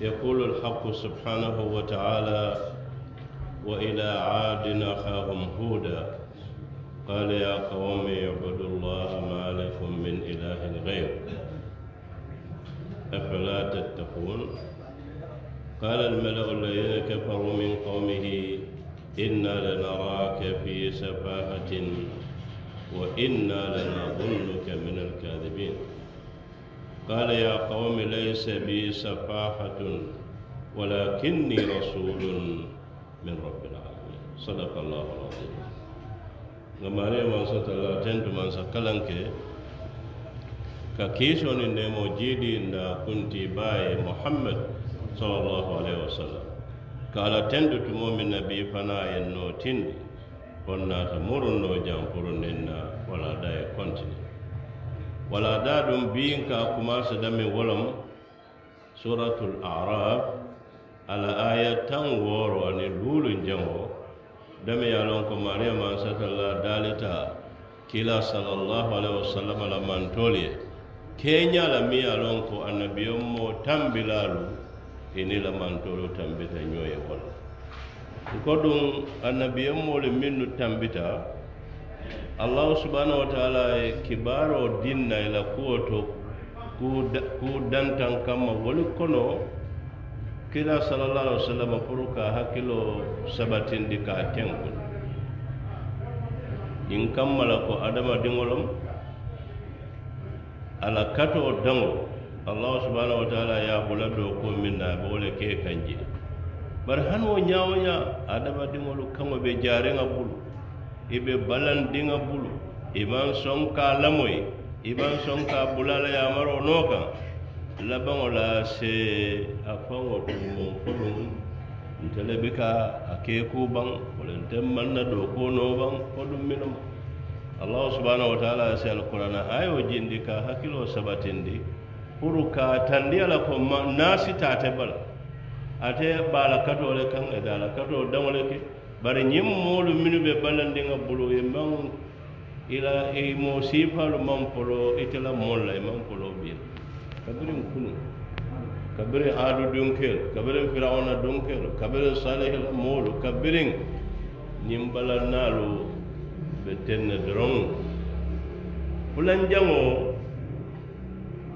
يقول الحق سبحانه وتعالى وإلى عاد أخاهم هودا قال يا قوم اعبدوا الله ما لكم من إله غيره أفلا تتقون قال الملأ الذين كفروا من قومه إنا لنراك في سفاهة وإنا لنظنك من الكاذبين قال يا قوم ليس بي سفاهة ولكني رسول من رب العالمين صدق الله العظيم gamare mansa tala tentu mansa kalanke ka kiso ni nemo jidi na kunti baye muhammad sallallahu wala da e kontine wala da ɗum biyin ka kumasa damin wolom suratul arab ala aya tan woro ani luulun jango dame ye lon ko mariyama satalla dalita kila salallahu alaihi wasallam la mantoli ye la ko mo inila e mantolo tambita ñoye walla ko ɗum annabiyenmole minnu tambita allahu subahanahu wa taala e kibaro dinna e la kuwo to ku dantan kamma woli kono kira salallah alih wa sallam pour ka hakkilo sabatindi ka tengol ɗin kammala ko adamadiŋolom ala kato daŋol allah subhanahu wa taala ya hula do ko min na be wo le ke kanje bari hani wo ñawo ña adamadiŋolu kaŋo be jariŋa bulu i be balandiŋa bulu i maŋ soŋ ka lamoyi i maŋ soŋ ka bula la yamaro noo kaŋ labaŋo la se a faŋo dumoŋ fo duŋ nte le be ka a keekuu baŋ wala nte maŋ na dookoo n'o baŋ fo duŋ minu ma allahu subhanahu wa taala se alkurana ayo jindi ka hakkiloo sabatindi pour ka tandi ala ko naasi taate bala ate baala katole kaŋ e daala kato daŋole ke bari ñiŋ moolu minnu be balandiŋa bulu e mang ila i e moo siifalu maŋ polo ite la moolu la i e maŋ polo bii la kabiriŋ kunu ka aadu dunkeelu kabiriŋ firawuna dunkeelu kabiriŋ salihila moolu kabiriŋ ñiŋ balannaalu be teŋ drong doroŋ fulanjaŋo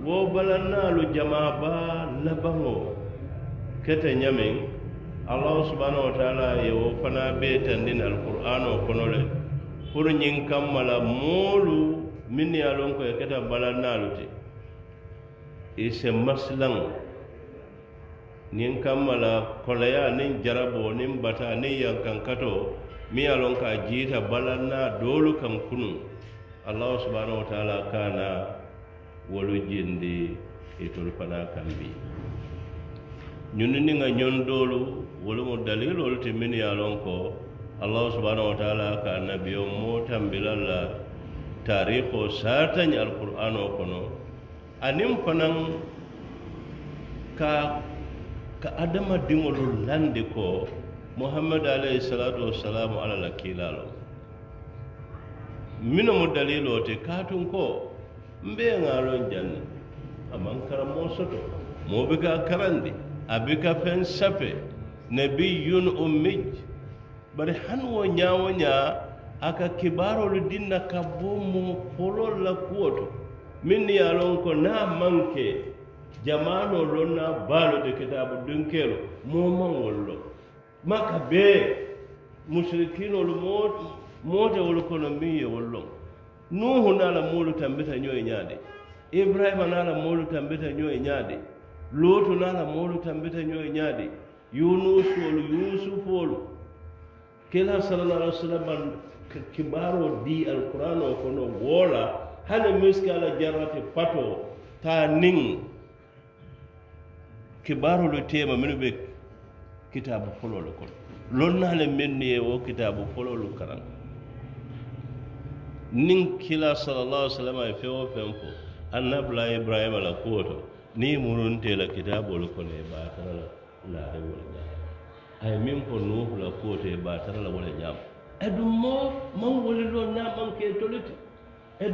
wo balannaalu jamaa baa labaŋo kete ñameŋ allahu subahanahu wa taala ye wo fanaa bee tandin alqur'ano kono le pour ñiŋ kamma la moolu minnu ye a loŋ ko ye keta balannaalu ti i se masilaŋo niŋ kamma la koleya niŋ jaraboo niŋ bata niŋ yankankato miŋ ye a loŋ ka a jiita balannaa doolu kaŋ kunu allahu subahanahu wa taala ka naa wolo jindi itul fana kan bi ñun ni nga ñon dolu wolu mu dalil ti te min ya lon ko allahu subhanahu wa taala ka annabiyo moo tambila la tarikho saatañ alqur'ano kono anim fanaŋ ka ka adamadiŋolu lande ko muhammad alayhi salatu wassalamu ala la kiila lo minnu katun ko mbe ŋaron janni aman mo soto mo be ka karandi a ka fen safe nabiyun ummij bari han wo ñawo nya aka lu dinna ka bo mo polo la kuoto min ni ye lon ko na manke jamano lon na de kitabu dunkelo mo maŋol wollo maka be mushrikino lu mot kono min kono wol wollo nuhu la mulu tambita ñoye ñaade ibrahima la mulu tambita ñoye ñaade na la mulu tambita Yunus ñaade yunusuolu yusufoolu kila sallallahu alaihi wasallam kibaro di alquran o kono wola hale miski ala jarrate pato ta nin lu tema minu be kitabu fololu kono lonnale men ni e o kitabu fololu karan nin kila sallallahu salama ye feŋ wo feŋ fo annabula ibrahima la kuwo to niŋ i la kitabul kono ba baatara la naare wolu ñaama a ye miŋ fo la kuwo e ba ye la wo le ñaama aduŋ man maŋ woliloo n'a man ke tolu ti e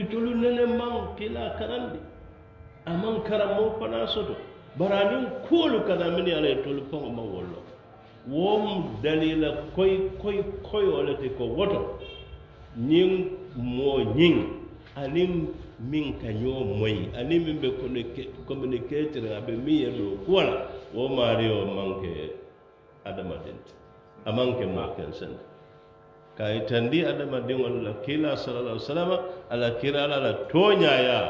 i tolu nene man kila karandi a karam mo fanaa soto bari aniŋ kada min ya ye tolu ko man wallo wom dalila koyi koyi koy wala te ko woto ñiŋ moñiŋ ani min ka ñoo moyi aniŋ min be communicating a bɛ min ye wala. kuwo la wo maario maŋ ke adamadiŋ ti a maŋ ke moo ta ka itandi adamadiŋolu la kiila salala salama ala kirala la tooñaya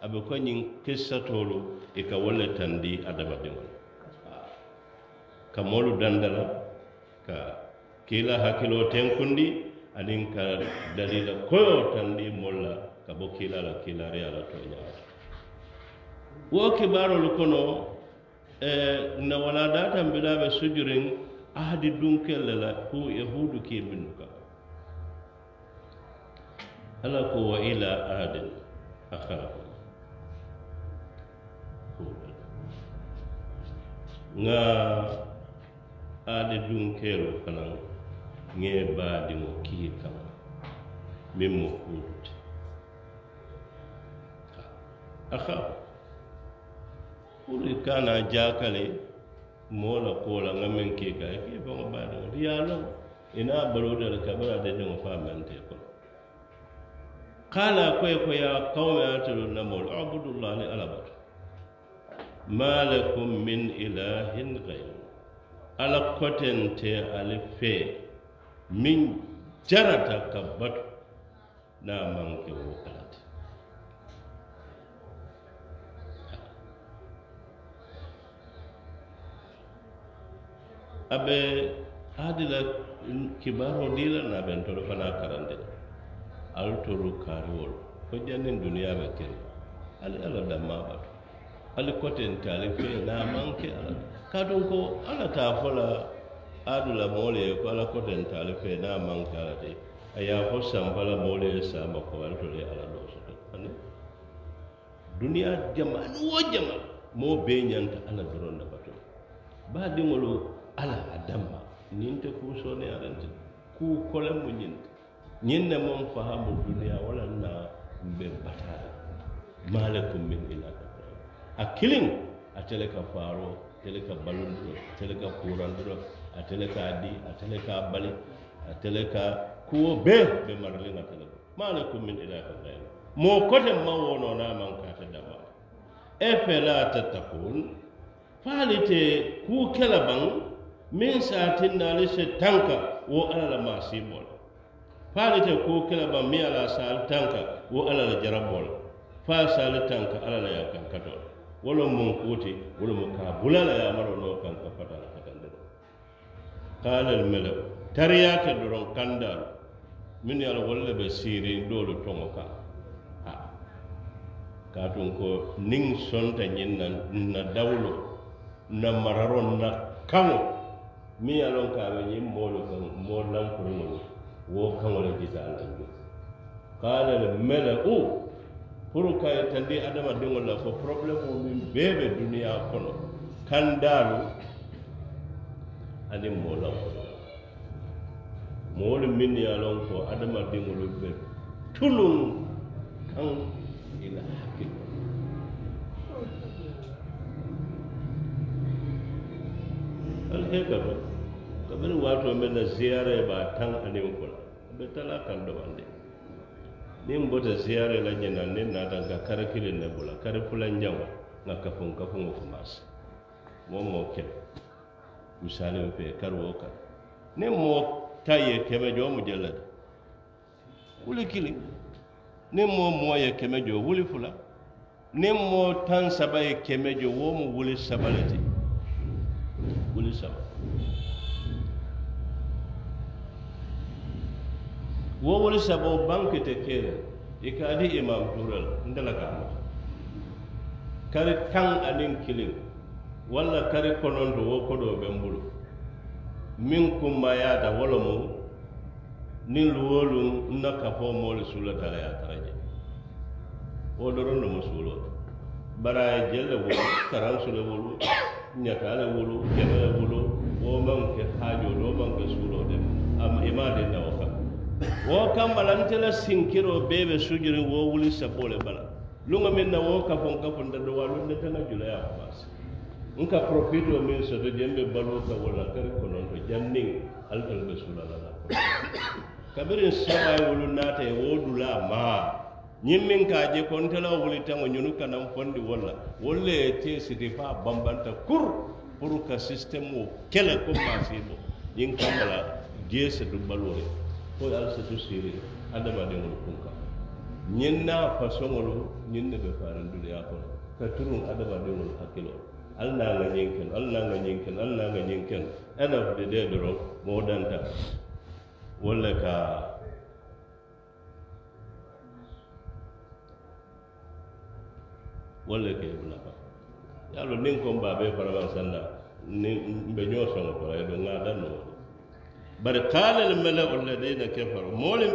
a be ko kisa tolo i e ka wo le tandi wala ka molu dandala ka kila hakilo tenkundi anin ka dalila koyo tan ɗi molla ka bo kiilala kiilari ala to ñaata wo kibarolu kono e eh, na wala datan bilaɓe sujurin ahdi dunkelle la ku yahudu ke minnu ka ala ko wa ila adin akhahu nga ade dunkelo kalan ŋee baadi mo kihi kaŋ miŋ mo hunti aka puru ka na jaakale moo la koo la ŋa meŋ kee ka kee baŋo baadi mo a loŋ i niŋ a de a maŋ kono قال كويكو يا قوم اعتلوا النمول اعبدوا الله لألبر ما لكم من إله غيره ala kotente fee min jarata kabbatu na manke wo abe adila kibaro dila na ɓen ntoro fana karande alu toru kariwol ko jannin duniya ba kiri ali ala ba ali ko ali fe na manke ala ka ko ala ta fola adula mole kwala ko den tale fe na man kala de aya ko sambala mole sa ma ko al to le ala do so ani duniya jama'an wo jama mo be ñanta ala doron na bato ba diŋolu ala a damma niŋ te kuu soone arante kuu kole mu ñinta ñiŋ ne maŋ fahamu duniya wala na mbe bataala maa le min ila a kiliŋ a tele ka faaro tele ka balundiro tele ka kurandiro atele ka di atele ka bali atele ka kuwo bee be maraliŋa tele ko ma lakum min ilahin gayru moo kote maŋ wo noo naa k'a ta dama e fela ta faali te kuu kela baŋ miŋ se a tinna ali se tanka wo alla la maasiiboo le faali te kuu kela baŋ miŋ ala se tanka wo alla la jaraboo le fo a tanka alla la yaŋ kankatoo le wo loŋ muŋ kuuti wo lomu ka a bula la yaamaro noo kanka fata la kalal tariya ta duron kandar min dole ka ha ka tun ko nin son ta na na mararon na kan mi yaron ka ba yin bolo kan molan kurmo wo kan wala kalal furu adama din wala ko problem mu min bebe duniya kono kandaru aniŋ moo laŋo moolu minnu ye a loŋ ko adamadiŋolu be tuluŋ kaŋ i la hakkilo ali hee ka to kabiriŋ ba tan na ziyaara ye baa taŋ aniŋ kola a be talaa kaŋ domandi niŋ bota ziyaara la ñanaŋ niŋ naata nka kari kiliŋ ne bula kari fula ñaŋo nŋa kafuŋ kafuŋo fo maasa mo moo kele misali misalin fe karwo kan ne mo ta ye keme jo mu mujallada wuli kili ne mo mo ye keme jo wuli fula ne mo tan saba ye keme jo wo mu wuli saba le wuli saba wo wuli saba o banki te kere i ka di imam tural ndala ka ma kari tan anin kilin walla kari kononto wo kodoo ben bulu miŋ kunmayaata wo lomu niŋ luwoluŋ n na kafoo moolu suulata la ye a tara je wo doroŋ domo suuloo ti bari a ye jel le wolu karansu le wolu ñataa le wolu jene le wolu wo maŋ ke haajoo do wo maŋ ke suuloo de i maŋ denda wo kaŋ wo kamma la nte la sinkiroo bee be sujuriŋ wo wuli saboo le bala luŋo miŋ na wo kafoŋ kafunta ta waalu nte na jula ye a nka profito min sato jembe ta wala kari kononto janniŋ ali tolu be sulala la kabirin saba ye wulu nata ye wodula dula ma. ñiŋ min ka je wuli wulitaŋo ñunu kanaŋ fondi walla wala. le ye tee siti bambanta kur pour ka system o kele ko maasibo nyin kamba la diye se du baluwo siri fo ali se du siiri adamadiŋolu kunka ñiŋ fa songolo ñiŋ ne be faariŋ duniyaa ko ka de adamadiŋolu hakilo allah nga ñinkin allah nga ñinkin allah nga ñinkin end of the day doro modern danta wala ka wala ke bula ba yalo nin kon fara faraban sanda nin be nyo so ko e do ngada no bari qala al mala'u alladhina kafaru molim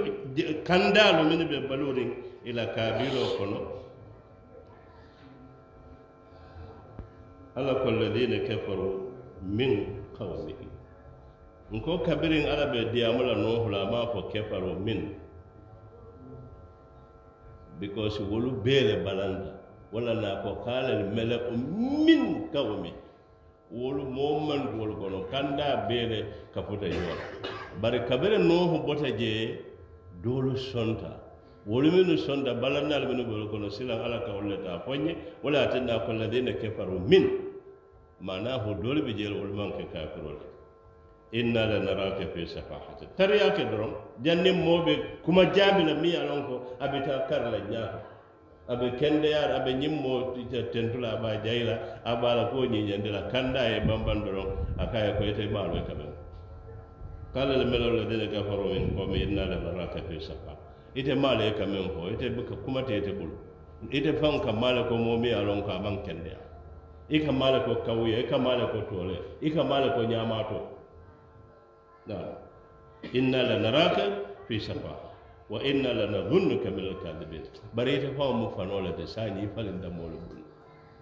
kandalu min be balurin ila kabiro kono ala ko alladina kafaru min qawmihi nko kabirin ala ɓe diyamula nohula ma ko kafaru min because wolu beele balanda walla na ko kaalel mele ko min kawmi wolu momman wol gono kanda beele kafuta yoona bari kabire nohu bota jee doolu sonta wolu minnu sonda balannaalu minnu bolo kono sila ala ka wolu le taa wala ñe wo le la naa ko ladina kefaru min manahu doolu be bi wolu maŋ ke kafiro le inna la naraka fi safahati tariya ke doro janniŋ moo be kuma jaabi la miŋ a ko a be taa kari la ñaato a bɛ kendeyaar a bɛ ɲin moo tentu la a ba jayi la a be a la koo ñiñandi la kanda a ye banbaŋ doroŋ a ka ye ko ite maalo ye kameŋ qala le melol ladina kafaru min qawmi inna la naraka fi safa. ite mala ye kameŋ ho ite ka kuma te ite bulu ite faŋ ka mala ko mo mi ye ka ban ko a maŋ i ka mala ko kawuya i ka mala ko tole i ka mala ko ñamato inna la naraka fi safa wa inna la nadunnuka min alkadibin bari ite fa mu fanoo le te saani i falinta moolu bulu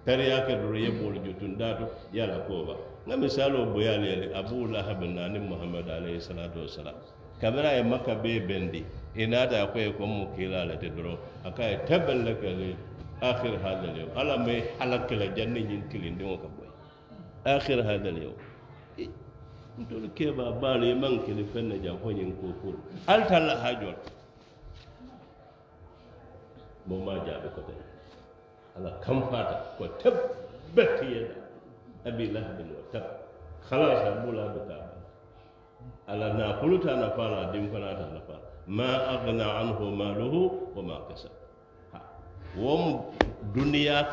ya ke doro ye moolu da to ya la ko ba na misalo boya de abu lahabi naani muhammad alayhi salatu wasalam kamera ya makka bendi ina da akwai kon mu kila la te doro aka taballa kale akhir hada yau ala mai halakka la janna yin tilin din ka boy akhir hada yau ntol ke ba ba re man kele fenna ja ko yin ko ko al talla hajor mo ma ja be ko tay ala kam fata ko tabbati yada abi lahabin wa tab khalas abula bata ala na kuluta na fara din fara ta na ma aghna anhu maluhu wa ma kasab wom duniya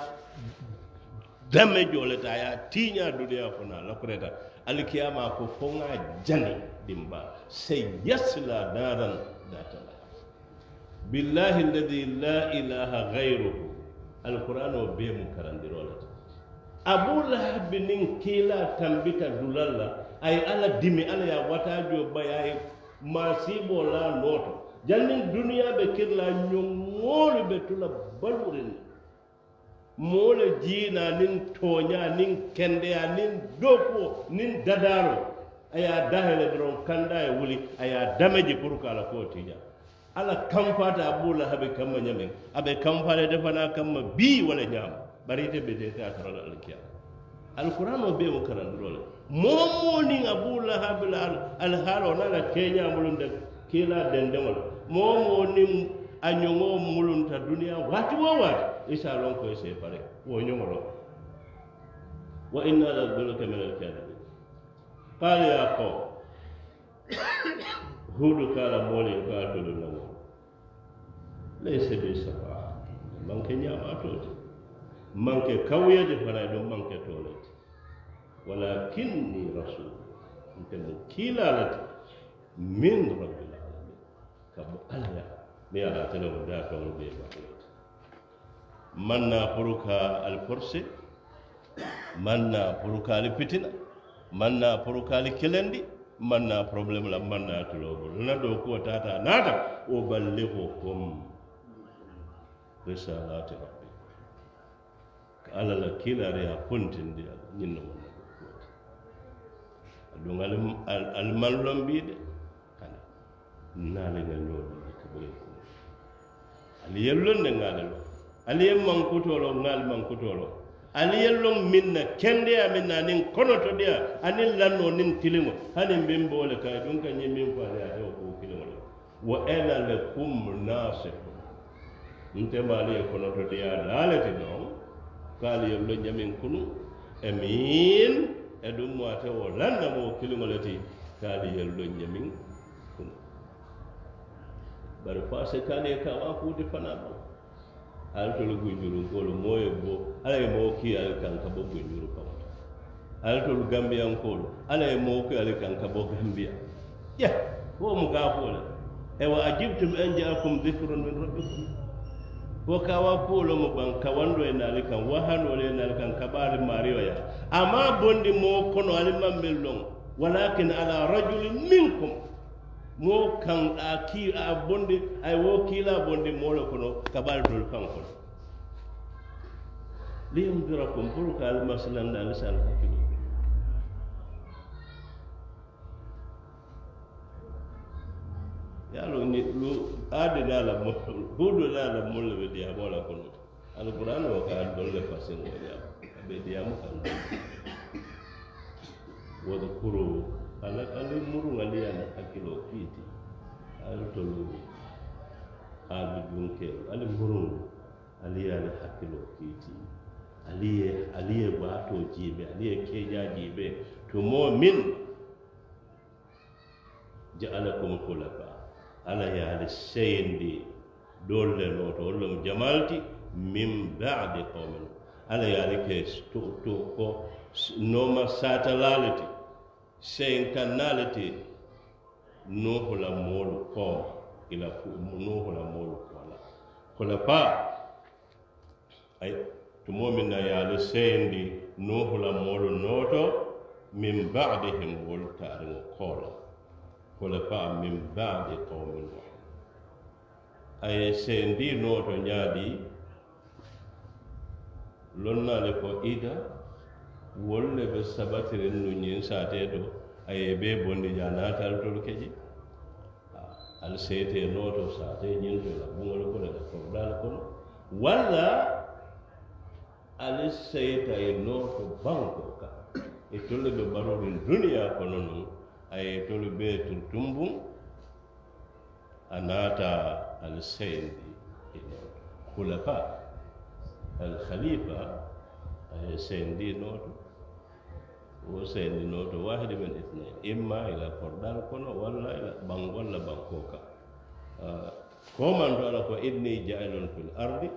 dame joleta ya tiña duniya fona lakureta alkiyama ko fo ŋa jani dimba se yasla naran datala billahi alladi la ilaha gayruhu alquran o be mu karandiro leta abulahabi nin tambita dulalla la ay ala dimi ala ya watajo ba yaye masibo la loto jannin duniya be kirla ñoŋmoolu be tula balurin moo le jiina niŋ tooña niŋ kendeya niŋ dookuwo niŋ dadaaro a ye a dahele doroŋ kanda ye wuli a damage a dameji pour ko ala koo tija ala kanfata a buu la habe kamma ñameŋ a be kanfale defanaa kamma bii wala ñaama bari ite be deetaa sorola alkiyama alkuranoo bee mu moo moo niŋ abu lahabi wo na la mulunta kiilaa dendeŋo a ñoŋoo mulunta duniya waati woo waati isa se a se pare wo ñoŋo wa inna la duluka min alkadibin qala ya ko hudu kala moolu ko a tolu laysa bi safa manke manke kawuya de fanaŋ manke walakinni rasul nkanni kiilaale min rabbil alamin ka bo ala ya mi ye ala tele ko daa feŋolu bee baatale ti maŋ naa pour ka ali forse maŋ naa pour ka ali fitina maŋ naa pour ka ali kelendi maŋ naa problème la maŋ naa ka a aɗum almallon mbiɗe ala naalagal ñoolole ka ɓoyen ko ala yellonde ngaalalo ala yen mankutolo ngaal mankutolo ala yellon minna kendeya minna anin konotoɗeya anin lanno nin tiliŋo hanin mbimboole ka ɗum ka ñe min faale ate o ko kiliŋole wa ena le kum nasihu ntemaali ye konotoɗeya laalete don kaali yello ñamin kunu emin aɗum mate o lanna mo kilimolati kaali yellon ñamin kuma bari fase kaani e kawa kudi fana ɓaw alatolu gunjurunkolu moye bo ala ye moo ki ala kan ka bo gunjuru kawta alatolu gambiyankolu ala ye moo ki ala kan ka bo gambiya ya wo mu gaa foole ewa ajibtum an jaakum dicrun min rabbikum ko wa kuulo mu ban ka wando ye naali kan wa hanolu le naali kan ka bari mariyo ya amma bondi mo kono ali maŋ meŋ walakin ala rajul minkum mo kan a kii a bondi ay wo kila bondi mo lo kono ka baari dolu kaŋ kono liyundirakum pour ka ali masilanda ali yalo ni lu ade da la mo hudu da la mo le dia mo la kono al qur'an wa ka dol le fasin wa dia be dia mo kan wa da kuro ala ala muru ngali ana akilo kiti al tolu al bunke al muru ali ana akilo kiti ali ali ba to jibe ali ke ja jibe to mo ja'alakum khulafa ala ye ala seyindi doolu le looto wolu lemu jamalti min baadi qawmin ala ye ala ke to ko no saatalaale ti seyin kannaale ti nuuhu la moolu kooma ila nuuhu la moolu koola kola paa ay tumoo min na ye ala seyindi nuuhu la moolu nooto min baadihim wolu taariŋo koola خلفاء من بعد قوم نوح أي سيندي نوح نادي لنا لكو إيدا wolle be sabatiren nu ñin saate to aye be bondi ja tolu al seete nooto saate ñin to la buŋolu kono la kordal kono walla ali seyta e noto banko ka e tolle be barorin duniya kono nun a ye tolu bee a naata al seyndi kulapa al khalifa a ye eh, seyndi nooto wo oh, seyndi nooto wahidi men itnain imma ila kordal kono walla ila ban walla banko kan ah, komanɗo ala ko inni jailun fil ardi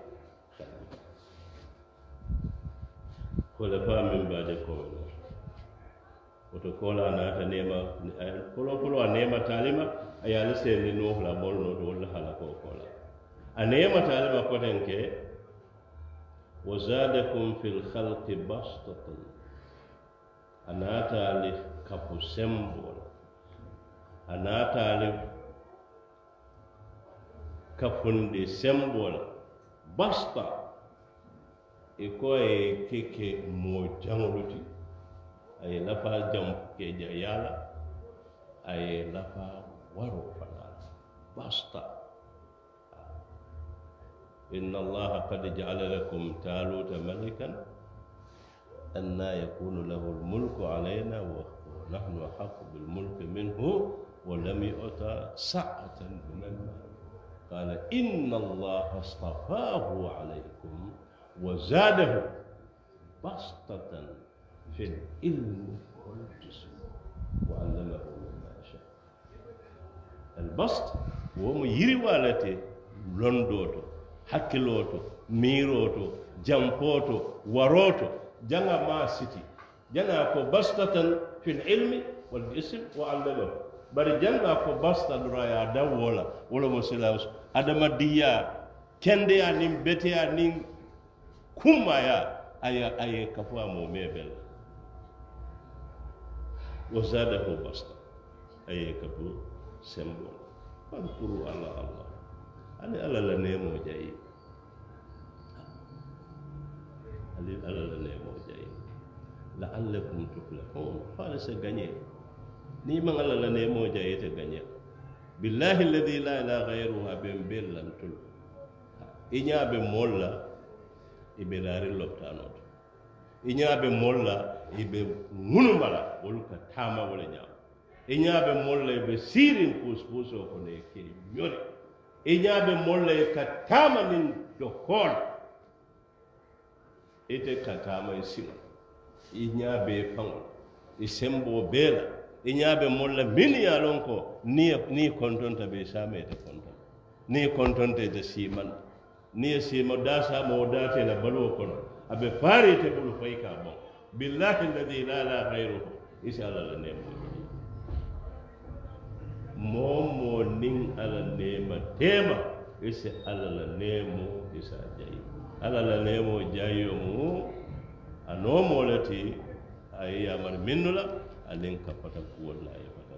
kole fa min mbaade komena woto kola naata nema polo polo a nemata alema a ye ala sendi nuhula bolu no to hala halako kola a talima ko koten ke wa zadakum fi lhalqi bastatan a naata ali kapu sembola a naata ali kafunde sembola basta e ko e keke mojaŋolu ti aye lafa jamkeja yala aye lafa waro fanala basta إن الله قد جعل لكم تالوت ملكا ان يكون له الملك علينا ونحن أحق بالملك منه ولم يؤت سعة من المال قال إن الله اصطفاه عليكم وزاده بسطة في العلم والجسم وعلمه مما شاء البسط jampoto waroto janga ma siti janga ko bastatan fil ilmi wal wa bari janga ko basta ya dawola wala mo silaus kafwa mo mebel wa zadahu basta ay kabu sembo fadkuru ala allah ali ala la nemo jai. ali ala la nemo jayi la'allakum tuflihun fala sa gagne ni man ala la nemo jai ta gagne billahi alladhi la ilaha ghayruhu abem bellantul inya be molla ibe lari inya be molla i be ŋunu mara wolu ka taama wo le ñaama i ñaa be moolu la i be siiriŋ puusipuusoo kono i ke ñori i ñaa be moolu la i ka taama niŋ jokoo la ite ka taama i siŋo i ñaa be i faŋo i semboo bee la i ñaa be moolu la minnu ye a loŋ ko niŋ niŋ kontonta be i saama ite kontonta niŋ i kontonta ite siimanta niŋ ye siima daasaama wo la baluwo kono a be faari ite bulu fo i ka boŋ billahi alladhi la ilaha ghayruhu insha Allah lan ne mo mo nin ala nema tema ise ala la nemo isa jayi ala la nemo jayo mu ano mo lati ayi amar minnula alin ka fata kuwalla ya fata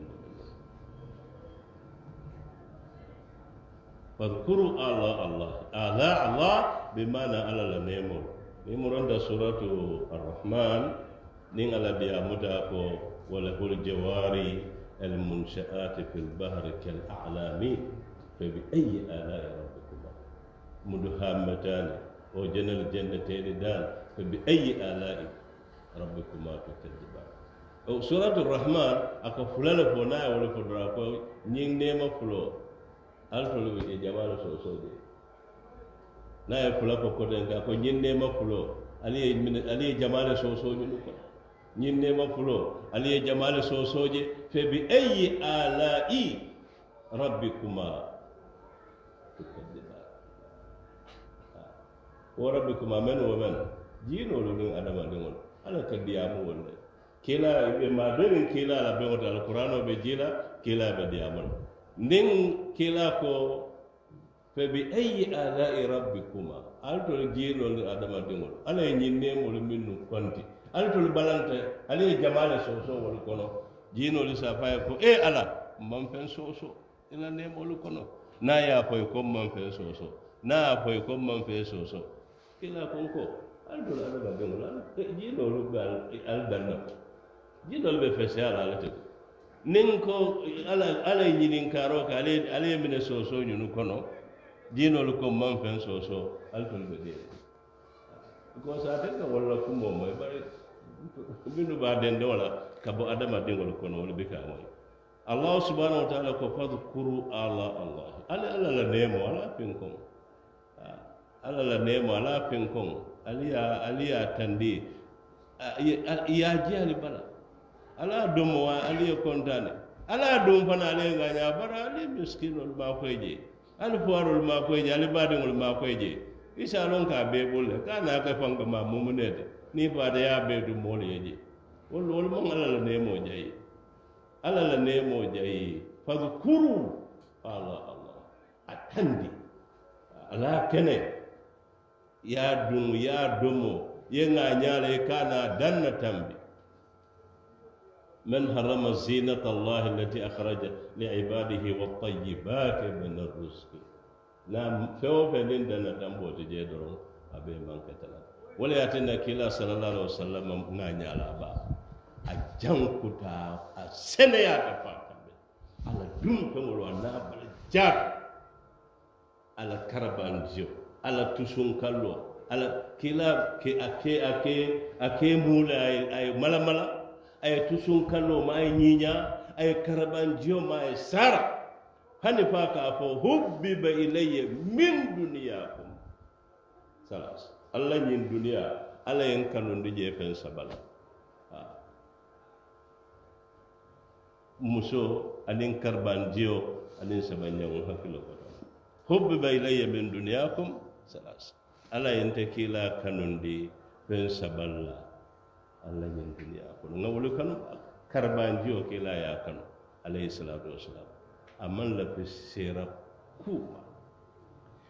fadhkuru ala Allah ala Allah bimana ala la nemo imuronda suratu arrahman nin ala biya biyamuta ko walahul jawari almunshaati fi lbahri kalalamin fa bi ayyi ayi alai rabbikuma muduhammatani o janal de dan fa bi ayyi ayi alai rabbikuma tukadiban suratu rahman aka fulala fo naye wala fo dora ko ñing nema fulo altolu ɓe jamalu sosoje na ye fula kokkoten ka ko ne ma kulo ali ye ali ye jamaa so soosoo ñunu ko ne ma kulo ali ye jamaa so soosoo je fe bi ayi alai rabbikuma tukadiba wa rabbikuma men lo ni adama niŋ adamadiŋolu ala ka diyaamu wolu le kila ma be ni kila la beŋo te alkuraanoo be jila la be diyaamu la kila ko fa bi ayyi ala'i rabbikuma ala tol jeelolde adamadiŋol ala ye ñinneemol minnu konti ala tol balanta ala ye jamala soosowol kono jiinolu e sa faye ko e ala man feŋ sooso ila e neemolu kono na ye a foyi ko man feŋ sooso na a foyi ko man feŋ sooso ila konko ala tol e adamadiŋol jiinolu be ala danna jiinolu be fese ala ala te niŋ ko ala ye ñininkaaroo ke ala ye mine soosoo ñunu kono dinol ko man fɛn soso altol bɛ di ko sa te ka wala ko mo moy bari minnu ba den de wala ka bɔ adama de ngol ko no wala be ka moy subahana subhanahu wa ta'ala ko kuru ala allah ala ala la nemo ala pin ko ah, ala la nemo ala pin ko aliya ah, y'a tandi ah, ya ji ba la ala domo aliya kontane ala dum fana ale aliya ale bara ali miskinol ba fɔ ko je ali fuwarolu maa koye je ali baadiŋolu maa koye je i se a loŋ ka a bee bulu le ka a naa ke faŋ kama mumunee te niŋ faata ye a bee du moolu ye je wolu wolu maŋ alla la neemoo jayi alla la neemoo jayi fadkuru allah allah a tandi ala kene ye a duŋ ye a domo ye ŋa ñaa la i ka a naa daŋ na tambi من حرم زينة الله التي أخرج لعباده والطيبات من الرزق نعم فهو فلين دنا تنبو تجدرون أبي من كتلا ولا يأتينا كلا صلى الله عليه وسلم نانيا لابا أجان كتا أسنة يا كفاك على دوم كمرو أنا بلجار على كربان زيو على تسون كلو على كلا كي أكي أكي أكي مولا أي ملا ملا ay tusun kallo ma ay ñiña ay karabanjiyo ma ay sara hani fa ka fo hubbiba ah. ilayya min duniyakum salas allah yin duniya ala yen ndi je fen sabala muso anin karbanjiyo anin hakilo ko hubbi ba ilayya min duniyakum salas ala yente kiila ndi fen sabala. allah yentini akono nga wolu kanu jiyo ke la ya kanu alayhi salatu wasalam amman lafi sera ku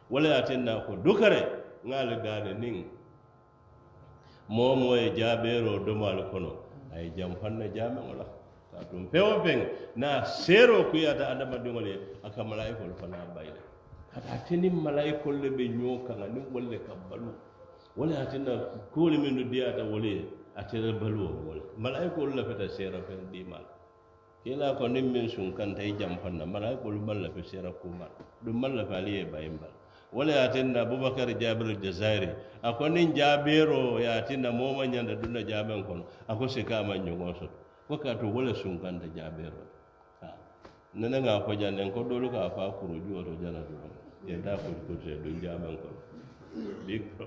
wala tinna ko dukare ŋaali nin niŋ mo moo jabero do mal kono a ye janfanna wala la dum pewo ben na sero ku ya ta adama a ka malaiko fanaŋ bayi le kata ate malaiko le be nyoka kaŋa wolle kabbalu wala ka balu ko le kuolu minnu diyaata wolu atira baluwo wala malaikolu lafita seera feŋ diimaa la kila ko niŋ miŋ sunkanta i janfaŋ na malaikolu maŋ lafi seera kuumaa la duŋ maŋ lafi ali ye bayin bala wala ye a tinna abubakar jaabir jazairi a ko niŋ jaabeero ye a tinna moo da ñanda dunna jaabeŋ kono a ko sika a ko ka to wala sun kan le jabiro na nene ŋa fo jande ko dole ka a fo a kurujuo to jana duŋ ye taa kujukurutee duŋ jaabeŋ kono bi ko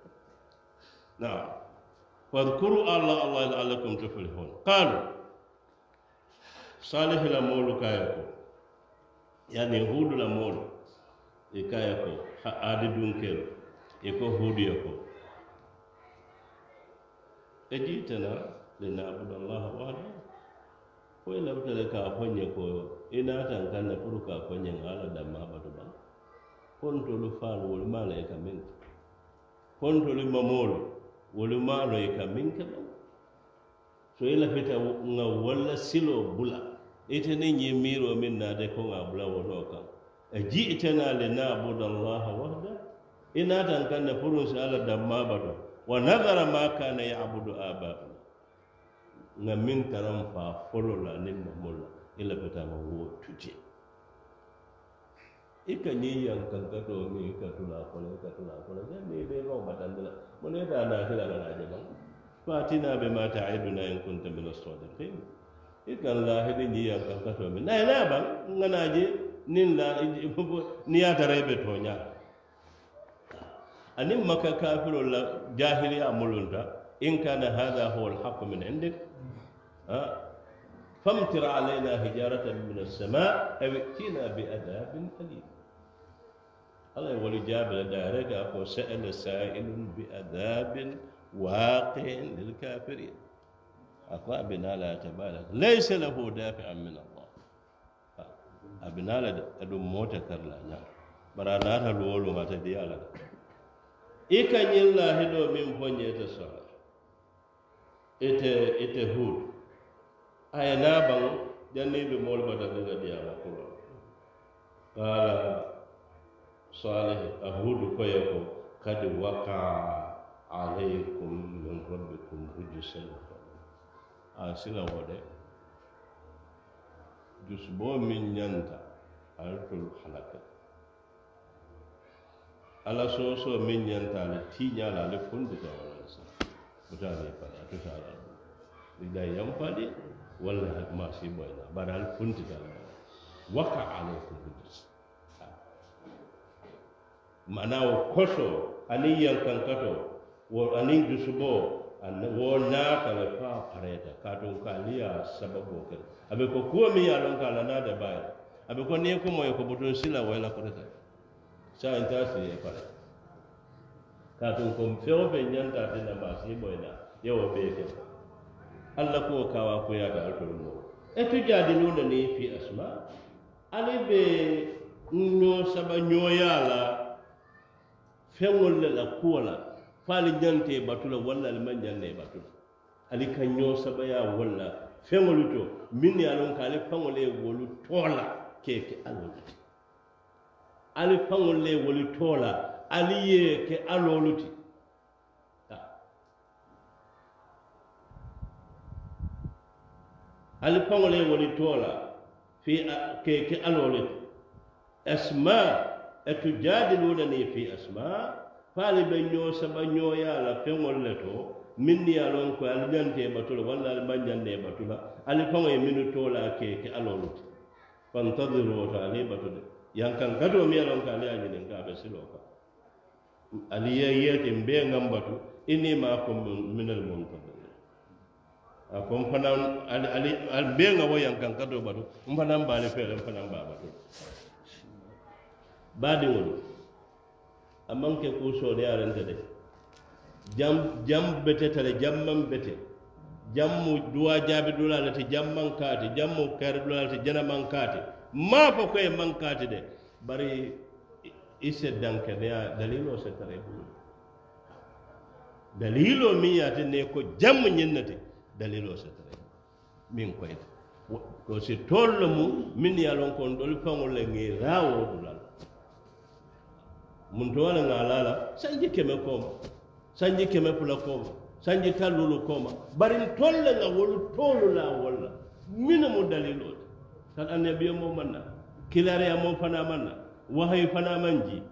na واذكروا الله الله لعلكم تفلحون قالوا صالح لمولو كايكو يعني هود لمولو إكايكو عاد دونكيلو إكو هود يكو أجيتنا لنعبد الله وحده koy labtale ka foñe ko ina tan kanne pour ka foñe ala damma batu ba kontolu faalu wol mala e ka men kontolu mamolu woluma loy ka min ke ɓa so i lafita ŋa walla silo bula ite ne ye miro min naade ko ŋa bula woloo kaŋ a ji na le nabuda allaha wahda i naatan kaŋ ne pour si alla ba bato wa nazara ma kana yabudu abauna ŋa min karaŋ faa folo la niŋ mamol la i lafita ma wo tuje ika niyan to ne ka tuna kono ka tuna kono ne ne be ro batandala mun ne da na kila na je ban fatina be ma ta'iduna in kunta min as-sadiqin ika la hede kanta to me na na ban ngana je nin la ni ya tare be to nya anin maka kafiro la jahiliya mulunta in kana hadha huwa al-haqq min indik ha فامتر علينا هجارة من السماء أو ائتنا بأداب أليم هذا والإجابة لدارك سأل سائل بأذاب واقع للكافرين أقوى بنا لا تبالغ ليس له دافع من الله أبنا لدم موت كرلا نار برا نار الولو ما تديالا إيكا نيلا هدو من فنية تسوال إتى إتى هود أي نابن جنيد مول بدل ديالا قال صالح هود كويكو قد وقع عليكم من ربكم رجسا asila wode jusbo min ñanta alatul halaka ala soso min ñanta ala tiñala ale fonduta walan sa butane fada atutala ɗiɗa yampade walla masiboyna bara al fontitala waka alaykum hudus mana wo koso aniŋ yankankato wo aniŋ dusuboo wo naata le fa pareeta kaatuŋ ka ali ye a sababoo ke a be ko kuwo miŋ ye a loŋ ka a la naata baa ye a be ko niŋ ye komo ye ko butuŋ sila wo ye la kotota saa ite a si ye pare kaatuŋ ko feŋ wo feŋ ñanta ate na maa sii boyi na ye wo bee ke alla kuwo kaawaa kuyaata altolu moo etujaadiluuna niŋ fi asma ali be ñoo saba nyo ñooyaa la feŋol le la kuwo la fo ali jante e batu la walla ali maŋ janna e batu la ali ka ñoo sabaya walla feŋolu to miŋ ye a loŋ ko ali faŋo le ye wolu too la kee ke aloo ti ali faŋo le ye wolu too la ali ye ke aloolu ti ali faŋo le ye wolu too la fii ke ke ti etujadilunani fi asma faali be ñoo saba ñooya la feŋol le to miŋ ni ye a loŋ ko ali ñante e batu la walla ali maŋ ñande e batu la ali faŋo ye minnu toola ke ke alolu ti fantadiro to ali batu de yankan katoo miŋ ye loŋ ko ali ye a ñininka a be siloo kaŋ ali ye yeeti mbee ŋaŋ batu i nii maa ko minal mun to a ko n fanaŋ ali mbee ŋa wo yankan katoo batu n fanaŋ baa feere n fanaŋ baa batu ba da wani amma ke ku da yaran da dai jam jam bete tare man bete mu duwa jabi dula lati man kati mu kar da ta jana man kati ma fa ko e man kati de bari dan danke ne dalilo se tare bu dalilo mi yate ne ko jammu nyinnate dalilo se tare min koyta ko se tollo mu min ya lon kon dol fangol le ngi rawo dula muntowana ŋalala sanji keme koma sanji keme pula koma sanji talulu koma bari ntol nga ŋa wolu toolu la wolla minu mu daliloo ti tan annabiyo mo manna na ya mo fana manna na wahayi fana manji ji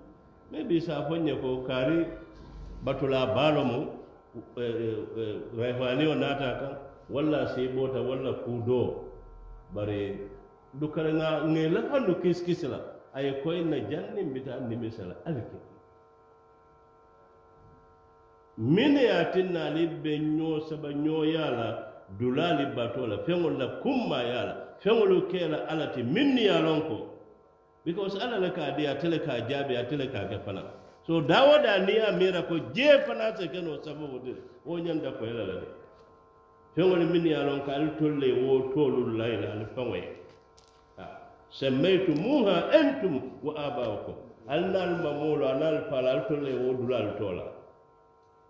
mais bi sa fo ko kari batula balo mu eh, eh, eh, rayfaniyo naata kan walla sibota walla kudo bari dukare nga ŋe la handu kisikisi la ay koyna jannin bita anni misala alke min yatinna be ño saba ño yala dulali batola feŋol la kumma yala feŋolu kela alati minnu ya lon ko because ala la ka di atele ka jaabi atele ka ke fana so dawo da ni a mira ko je fana se keno sababu de o ñanda ko yala la de feŋolu minnu ya lon ko ali tolle wo tolul layla ali faŋoye sammaytumuha antum wa aba'ukum alnal mamolo anal fala al tolle wo dulal tola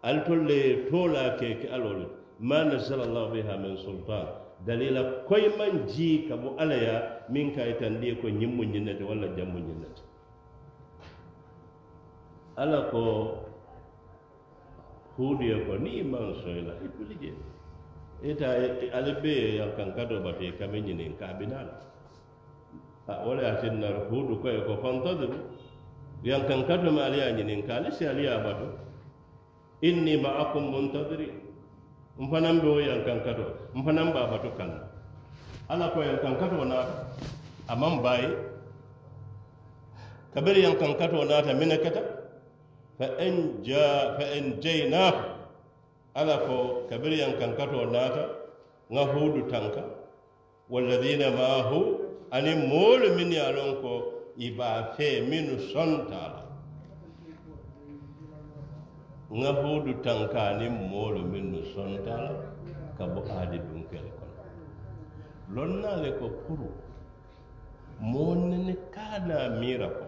al tolle tola ke ke alol ma nazalallahu biha min sultan dalila koy man ji ka bo alaya min kay tande ko nyimmu nyinnete walla jammu nyinnete ala ko huudiyo ko ni iman soyla ikulije ita e- e- alabe yankan kado bate kame nyinin kabinala wala yatin na hudu ko ko fantadir yan kan kadu ma aliya nyinin ni si aliya bado inni ma'akum muntadiri mfanan be yan kan kado mfanan ba bado kan ala ko yan kan kado na amman bai kabir yan kan na ta kata fa in ja fa in jaynahu ala ko kabir yan kan na ta nga tanka والذين معه ani moolu minnu ye a loŋ ko i be a fee minnu sonta la ŋa hoodu tanka ani moolu minnu sonta la ka bo aadi dunkele kono loŋ naa le ko puru moo nene kaa naa miira ko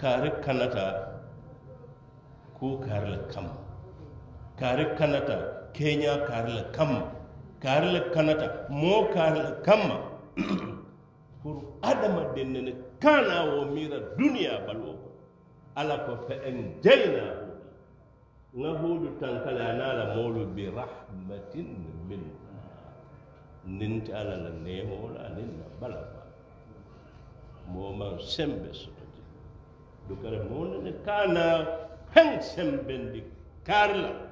kaari kanata kuu kaari le kam kaari kanata keeñaa kaari le kam kaari le kanata moo kaari le kamma pour adamaden kana wo mira duniya ko. ala ko fa en jeyna nga hudu tankala la molu bi rahmatin min ninti ala la neemoo la aniŋ na bala ba moo sembe soto dukare mo moo nene kaana peŋ sembendi karla la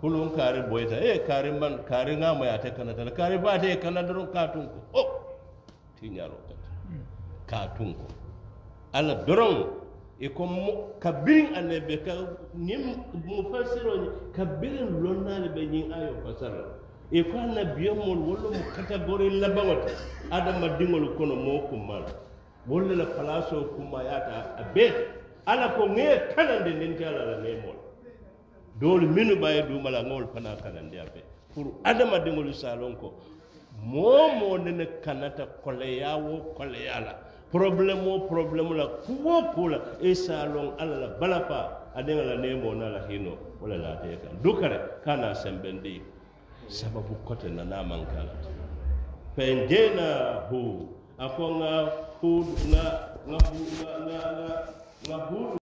kulun karin boyta eh karin man karin ga mai ta kana tal karin ba ta kana daro katun ko o oh, tinya lokat katun ko ala doron e ko kabirin annabi ka nim mufassiro ni kabirin lonna ne be yin ayo fasara e ko annabi mo wollo mu category labawata adama dingol kono mo mal wolle la palaso kuma yata abe ala ko nge kanande nin tala la nemol doolu minnu b'a ye la ɓaye duumalaŋol fana kanandi a fe pour adamadiŋolu salon ko moo moo nene kanata koleya wo koleya la problème o problème la o kuu la i e salon alla la balafa a aniŋ la neemoo na la hino wo le laata ye kaŋ dukare ka na sembendi sababu kote na naa maŋ ka la na hu a ko ŋa hu ŋa ŋa hu ŋa ŋa ŋa hu